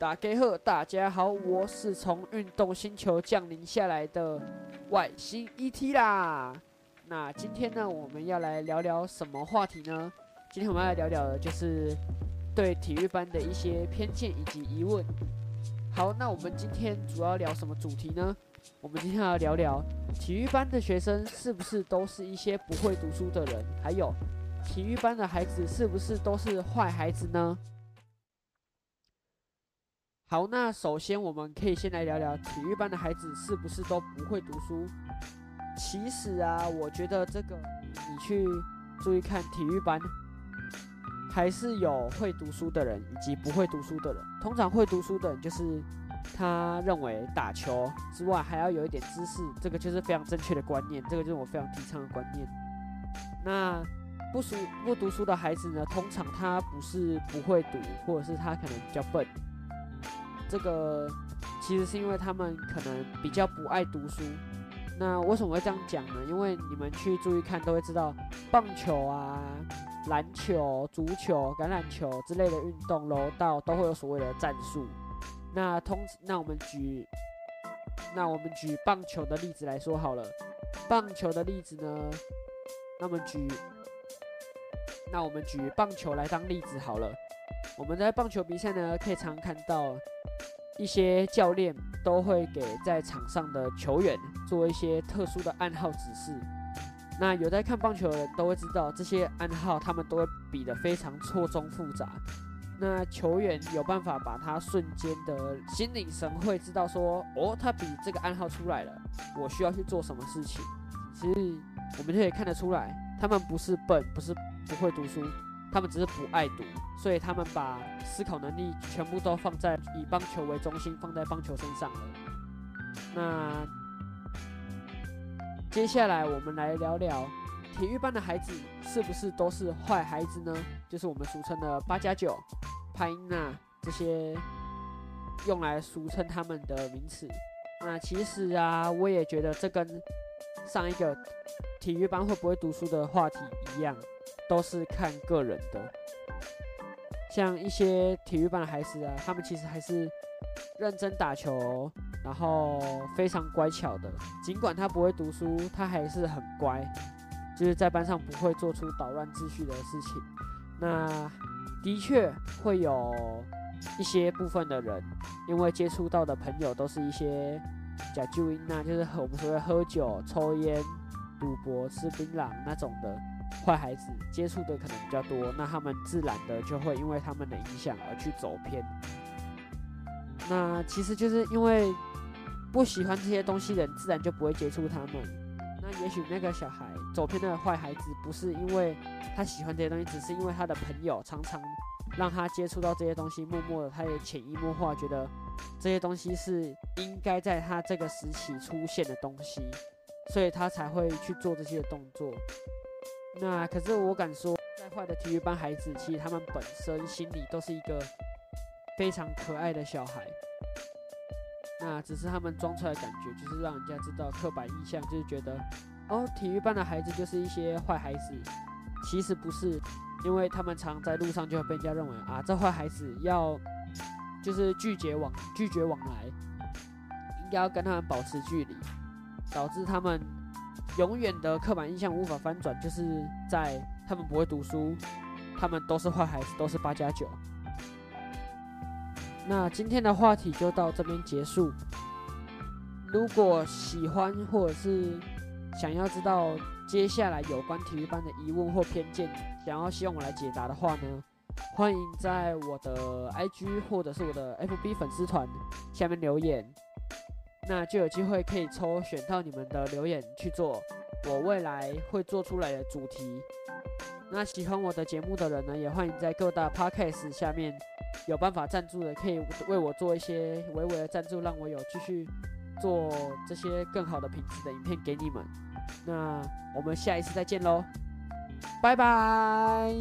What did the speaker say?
大家好，我是從運動星球降臨下來的外星 ET 啦。那今天呢，我們要來聊聊什麼話題呢？今天我們要來聊聊的就是對體育班的一些偏見以及疑問。好，那我們今天主要聊什麼主題呢？我們今天要聊聊體育班的學生是不是都是一些不會讀書的人？還有，體育班的孩子是不是都是壞孩子呢？好，那首先我們可以先來聊聊體育班的孩子是不是都不會讀書？其實啊，我覺得這個你去注意看體育班，還是有會讀書的人以及不會讀書的人。通常會讀書的人就是他認為打球之外還要有一點知識，這個就是非常正確的觀念，這個就是我非常提倡的觀念。那不熟，不讀書的孩子呢，通常他不是不會讀，或者是他可能比較笨。這個其實是因為他們可能比較不愛讀書。那為什麼會這樣講呢？因為你們去注意看都會知道，棒球啊、籃球、足球、橄欖球之類的運動，樓道都會有所謂的戰術。那通那我們舉那我們舉棒球的例子來說好了。棒球的例子呢？那麼舉那我們舉棒球來當例子好了。我們在棒球比賽呢，可以常看到一些教練都會給在場上的球員做一些特殊的暗號指示。那有在看棒球的人都會知道，這些暗號他們都會比得非常錯綜複雜。那球員有辦法把他瞬間的心領神會，知道說哦，他比這個暗號出來了，我需要去做什麼事情。其實我們就可以看得出來，他們不是笨，不是不會讀書。他們只是不愛讀，所以他們把思考能力全部都放在以棒球為中心，放在棒球身上了。那接下來我們來聊聊體育班的孩子是不是都是壞孩子呢？就是我們俗稱的八加九、歹囡仔這些用來俗稱他們的名詞。那其實啊，我也覺得這跟上一個體育班會不會讀書的話題一樣。都是看個人的，像一些體育班的孩子啊，他們其實還是認真打球，然後非常乖巧的。儘管他不會讀書，他還是很乖，就是在班上不會做出搗亂秩序的事情。那的確會有一些部分的人，因為接觸到的朋友都是一些假基因啊，就是我們說的喝酒、抽菸、賭博、吃檳榔那種的。壞孩子接觸的可能比較多，那他們自然的就會因為他們的影響而去走偏。那其實就是因為不喜歡這些東西，人自然就不會接觸他們。那也許那個小孩走偏那個壞孩子，不是因為他喜歡這些東西，只是因為他的朋友常常讓他接觸到這些東西，默默的他也潛移默化覺得這些東西是應該在他這個時期出現的東西，所以他才會去做這些動作。那可是我敢說，再壞的體育班孩子，其實他們本身心裡都是一個非常可愛的小孩。那只是他們裝出來的感覺，就是讓人家知道刻板印象，就是覺得哦，體育班的孩子就是一些壞孩子，其實不是，因為他們常在路上就會被人家認為啊，這壞孩子要就是拒絕往拒絕往來，應該要跟他們保持距離，導致他們。永遠的刻板印象無法翻轉，就是在他們不會讀書，他們都是壞孩子，都是八加九。那今天的話題就到這邊結束。如果喜歡或者是想要知道接下來有關體育班的疑問或偏見，想要希望我來解答的話呢，歡迎在我的 IG 或者是我的 FB 粉絲團下面留言。那就有機會可以抽選到你們的留言去做，我未來會做出來的主題。那喜歡我的節目的人呢，也歡迎在各大 podcast 下面有辦法贊助的，可以為我做一些微微的贊助，讓我有繼續做這些更好的品質的影片給你們。那我們下一次再見嘍，拜拜。